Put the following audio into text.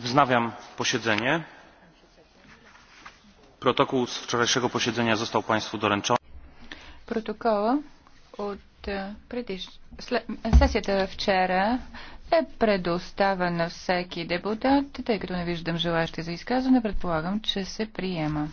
wznawiam posiedzenie. protokół z wczorajszego posiedzenia został państwu doręczony. протокола от предиш... след... сесията вчера е предоставен на всеки депутат, тъй като не виждам желащи за изказване, предполагам, че се приема.